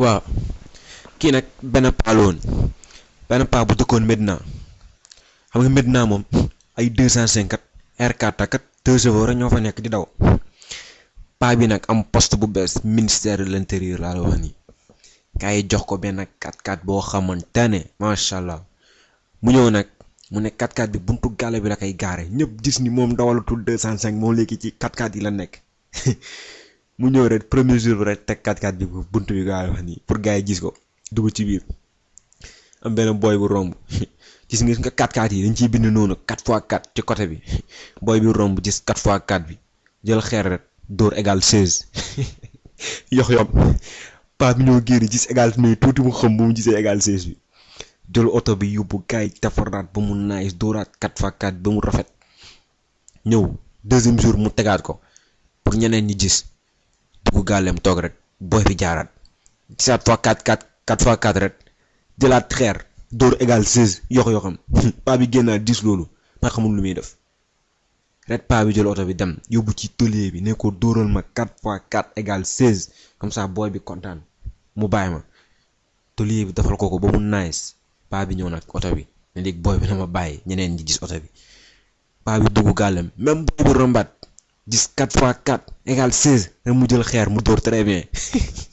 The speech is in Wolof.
waaw kii nag benn paa benn paa bu dëkkoon Medina xam nga Medina moom ay deux cent cinquante R4 ak deux chevaux ñoo fa nekk di daw paa bi nag am post bu bees ministère de l'intérieur laa la wax nii kaay jox ko benn 4 x boo xamante ne macha allah mu ñëw nag mu ne 4 x bi buntu gàlle bi la koy gaare ñëpp gis ni moom dawalatul deux cent cinq moom léegi ci 4x4 yi la nekk. mu ñëw rek premier jour bi rek teg 4-4 bi bunt bi gaa wax nii pour gars yi gis ko dugg ci biir am benn booy bu romb gis nga 4-4 yi dañ ciy bind noonu 4x4 ci bi booy bi romb gis 4 fois 4 bi jël xeer rek dóor égal 16 yox yom paa bi ñoo génn gis égal mais tuuti mu xam bu mu gisee égal 16 bi jël oto bi yóbbu gars yi defaraat ba mu naaj dóoraat 4x4 ba mu rafet ñëw deuxième jour mu tegaat ko pour ñeneen ñi gis. bu gàlleem toog rek booy bi jaaraat gisaat fois 4 4 4 fois 4 rek jëlaat xeer dóor égal 16 yox yoxam paa bi génnaat 10 loolu ba xamul lu muy def ret paa bi jël oto bi dem yóbbu ci tëlier bi ne ko dóoral ma 4 fois 4 égal 16 comme ça booy bi kontaan mu bàyyi ma tëlier bi defal ko ko ba mu nice paa bi ñëw nag oto bi ne léegi booy bi na ma bàyyi ñeneen ñi gis oto bi paa bi dugg gàllam même boobu rëmbaat 10 4 fois 4 égale 16 rek mu jël xeer mu dóor très bien